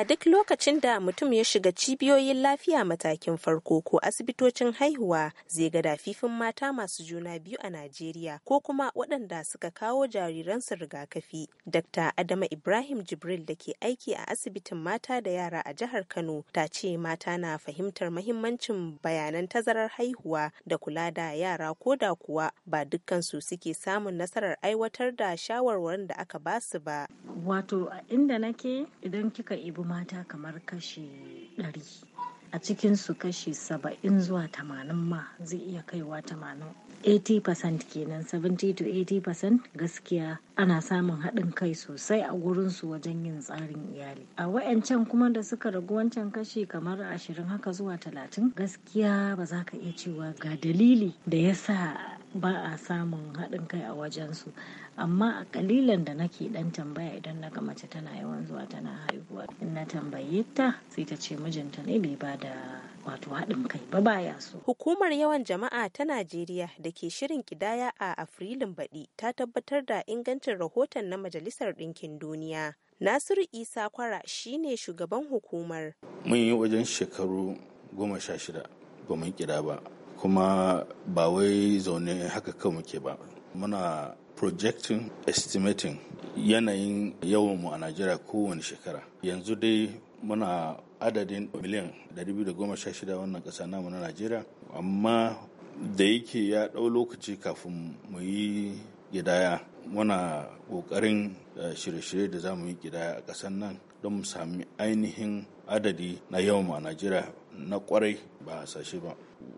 A duk lokacin da mutum ya shiga cibiyoyin lafiya matakin farko ko asibitocin haihuwa zai ga dafifin mata masu juna biyu a Najeriya ko kuma waɗanda suka kawo jariransu rigakafi. Dr. Adama Ibrahim Jibril da ke aiki a asibitin mata da yara a jihar Kano ta ce mata na fahimtar mahimmancin bayanan tazarar haihuwa da kula da yara ko da kuwa ba dukkansu suke samun nasarar aiwatar da shawarwarin da aka basu ba. Wato inda nake idan kika ibi mata kamar kashi ɗari a cikinsu kashi saba'in zuwa tamanin ma zai iya kaiwa tamanin 80% kenan 70 80% gaskiya ana samun haɗin kai sosai a gurinsu wajen yin tsarin iyali a wayancan kuma da suka ragu wancan kashi kamar ashirin haka zuwa talatin gaskiya ba za ka iya cewa ga dalili da ya sa ba a samun haɗin kai a wajensu amma a ƙalilan da nake ɗan tambaya idan na ga mace tana yawan zuwa tana haihuwa in na tambaye ta sai ta ce mijinta ne bai ba da wato haɗin kai ba baya so. Hukumar yawan jama'a ta Najeriya da ke shirin kidaya a Afrilun baɗi ta tabbatar da ingancin rahoton na Majalisar Ɗinkin Duniya. Nasiru Isa Kwara shine shugaban hukumar. Mun yi wajen shekaru goma sha shida ba mun kira ba kuma ba wai zaune haka kawai muke ba muna projecting estimating yanayin yawanmu a najeriya kowane shekara yanzu dai muna adadin miliyan 216 wannan ƙasa namu na najeriya amma da yake ya ɗau lokaci kafin mu yi gidaya muna ƙoƙarin eh, shirye-shirye da za mu yi gidaya a ƙasar nan don mu sami ainihin adadi na yawan a najeriya na kwarai ba a sashe ba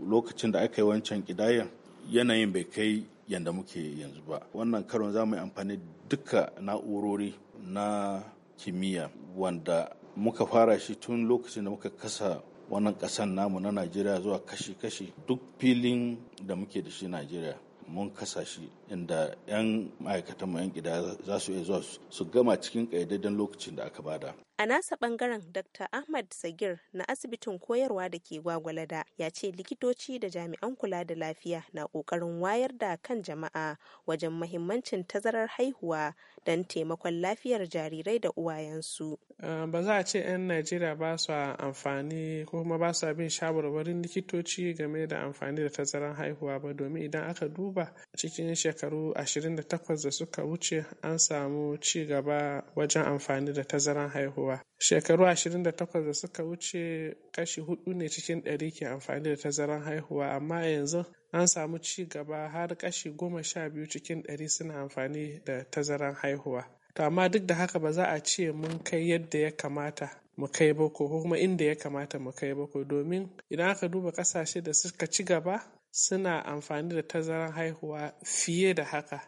lokacin da aka yi wancan kidayan yanayin bai kai yadda muke yanzu ba wannan karon za mu yi amfani duka na'urori na kimiyya wanda muka fara shi tun lokacin da muka kasa wannan ƙasan namu na najeriya zuwa kashi-kashi duk filin da muke da shi najeriya mun kasa shi inda 'yan ma'aikatan yan gida za su iya zuwa su gama cikin ƙayyadadden lokacin da aka bada. A nasa ɓangaren Dr. Ahmad Sagir na asibitin koyarwa da ke Gwagwalada ya ce likitoci da jami'an kula da lafiya na ƙoƙarin wayar da kan jama'a wajen mahimmancin tazarar haihuwa don taimakon lafiyar jarirai da uwayensu. Ba za a ce 'yan Najeriya ba su amfani ko kuma ba su bin shawarwarin likitoci game da amfani da tazarar haihuwa ba domin idan aka duba cikin shekaru shekaru 28 da suka wuce an samu ci gaba wajen amfani da tazaran haihuwa. Shekaru 28 da suka wuce kashi hudu ne cikin ɗari ke amfani da tazaran haihuwa amma yanzu an samu ci gaba har kashi goma sha biyu cikin ɗari suna amfani da tazaran haihuwa. To amma duk da haka ba za a ce mun kai yadda ya kamata mu kai boko kuma inda ya kamata mu kai boko domin idan aka duba kasashe da suka ci gaba suna amfani da tazaran haihuwa fiye da haka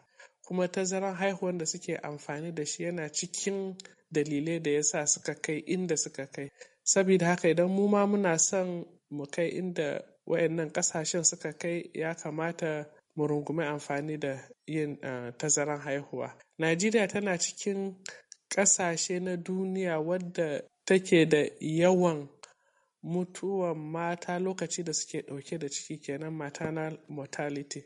kuma tazaran haihuwan da suke amfani da shi yana cikin dalilai da yasa suka kai inda suka kai saboda haka idan mu ma muna son mu kai inda wayannan kasashen suka kai ya kamata mu rungumi amfani da yin uh, tazaran haihuwa najeriya tana cikin kasashe na duniya wadda take da yawan mutuwan mata lokaci da suke ɗauke da ciki kenan maternal mortality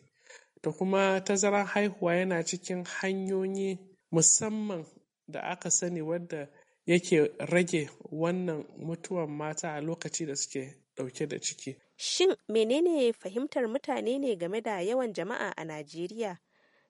da kuma tazaran haihuwa yana cikin hanyoyi musamman da aka sani wadda yake rage wannan mutuwan mata a lokaci da suke ɗauke da ciki. Shin menene fahimtar mutane ne game da yawan jama'a a Najeriya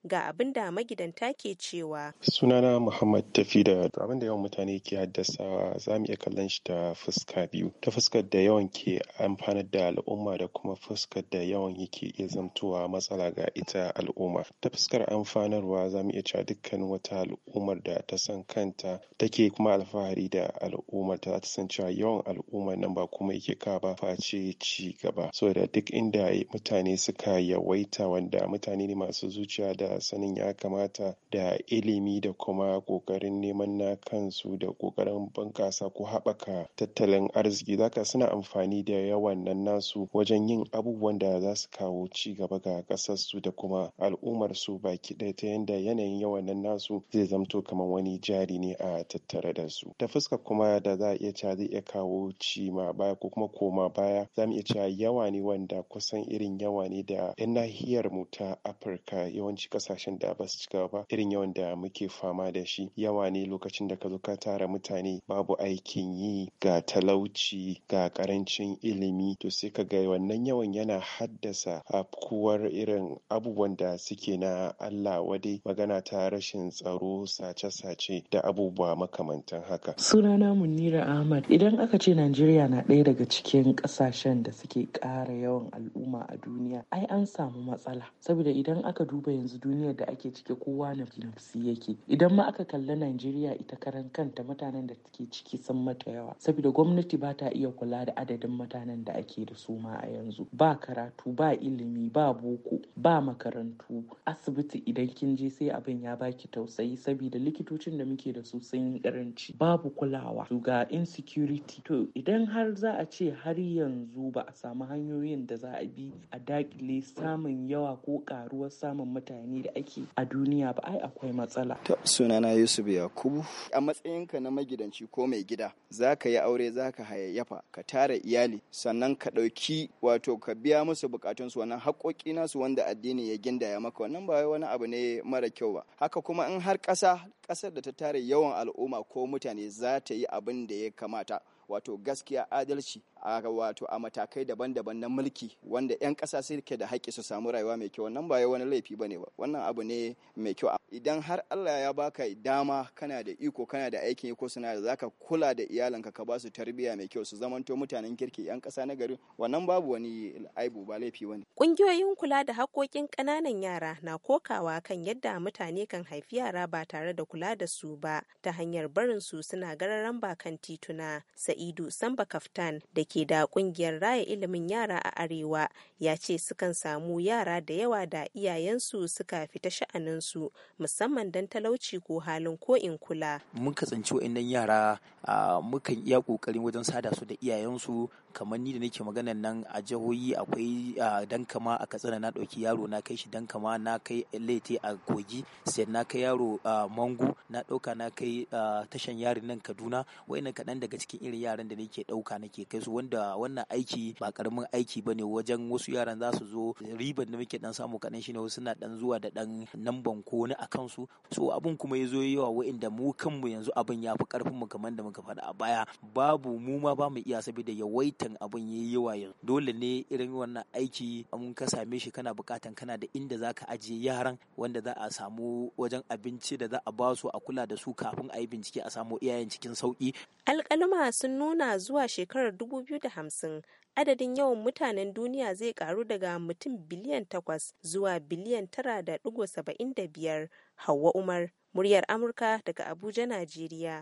ga abin da magidanta ke cewa. Sunana Muhammad Tafida abin da yawan mutane ke haddasa za mu iya kallon shi da fuska biyu. Ta fuskar da yawan ke amfanar da al'umma da kuma fuskar da yawan yake iya zamtowa matsala ga ita al'umma. Ta fuskar amfanarwa za mu iya cewa dukkan wata al'ummar da ta san kanta take kuma alfahari da al'ummar ta ta san cewa yawan al'ummar nan ba kuma yake ka ba face ci gaba. Saboda duk inda mutane suka yawaita wanda mutane ne masu zuciya da sanin ya kamata da ilimi da kuma ƙoƙarin neman na kansu da ƙoƙarin bunƙasa ko haɓaka tattalin arziki zaka suna amfani da yawan nan nasu wajen yin abubuwan da za su kawo ci gaba ga ƙasarsu da kuma al'ummarsu baki ɗaya ta yanda yanayin yawan nan nasu zai zamto kamar wani jari ne a tattare da su ta fuska kuma da za a iya cewa zai iya kawo ci ma baya ko kuma koma baya za mu iya cewa yawa ne wanda kusan irin yawa ne da 'yan nahiyar mu ta afirka yawanci ƙasar kasashen da ba su cigaba ba irin yawan da muke fama da shi yawa ne lokacin da ka zo ka tara mutane babu aikin yi ga talauci ga karancin ilimi to sai ka ga wannan yawan yana haddasa afkuwar irin abubuwan da suke na Allah wadai magana ta rashin tsaro sace-sace da abubuwa makamantan haka. Sunana Munira Ahmad idan aka ce Najeriya na ɗaya daga cikin ƙasashen da suke ƙara yawan al'umma a duniya ai an samu matsala saboda idan aka duba yanzu duniyar da ake ciki kowa na nafsi yake idan ma aka kalli najeriya ita karan kanta mutanen da take ciki sun mata yawa saboda gwamnati ba ta iya kula da adadin mutanen da ake da su ma a yanzu ba karatu ba ilimi ba boko ba makarantu asibiti idan kin je sai abin ya baki tausayi saboda likitocin da muke da su sun yi karanci babu kulawa ga insecurity to idan har za a ce har yanzu ba a samu hanyoyin da za a bi a dakile samun yawa ko karuwar samun mutane magani da ake a duniya ba ai akwai matsala. To sunana Yusuf Yakubu a matsayinka na magidanci ko mai gida za ka yi aure za ka hayayyafa ka tara iyali sannan ka ɗauki wato ka biya musu su wannan haƙoƙi nasu wanda addini ya gindaya maka wannan ba wani abu ne mara kyau ba haka kuma in har ƙasa ƙasar da ta tara yawan al'umma ko mutane za ta yi abin da ya kamata wato gaskiya adalci a wato a matakai daban-daban na mulki wanda 'yan ƙasa suke da haƙƙi su samu rayuwa mai kyau wannan ba wani laifi ba ne ba wannan abu ne mai kyau idan har Allah ya baka dama kana da iko kana da aikin iko suna da zaka kula da iyalanka ka basu su tarbiyya mai kyau su zamanto mutanen kirki yan kasa na gari wannan babu wani aibu ba laifi wani ƙungiyoyin kula da haƙoƙin ƙananan yara na kokawa kan yadda mutane kan haifi yara ba tare da kula da su ba ta hanyar barin su suna gararan bakan tituna Sa'idu Samba Kaftan da ke da ƙungiyar raya ilimin yara a Arewa ya ce sukan samu yara da yawa da iyayensu suka fita sha'aninsu musamman don talauci ko halin ko in kula. Mun kasance wa'annan yara mukan iya ƙoƙarin wajen sada su da iyayensu kamar ni da nake maganan nan a jihohi akwai dankama a katsina na ɗauki yaro na kai shi dankama na kai laite a kogi sai na kai yaro mangu na ɗauka na kai tashan yarin nan kaduna wa'annan kaɗan daga cikin irin yaran da nake ɗauka nake kai su wanda wannan aiki ba karamin aiki bane wajen wasu yaran za su zo riban da muke dan samu kaɗan ne wasu na dan zuwa da ɗan namban ko na kansu so abun kuma ya zo yawa wa'inda mu kanmu yanzu abin ya fi karfin mu kamar da muka faɗa a baya babu mu ma ba mu iya saboda yawaitan abin ya yi yawa yanzu dole ne irin wannan aiki mun ka same shi kana bukatan kana da inda zaka ajiye yaran wanda za a samu wajen abinci da za a ba su a kula da su kafin a yi bincike a samu iyayen cikin sauki alƙaluma sun nuna zuwa shekarar 2050 adadin yawan mutanen duniya zai karu daga mutum biliyan takwas zuwa biliyan tara da digo saba'in da biyar. Hauwa Umar, muryar Amurka daga Abuja, Najeriya.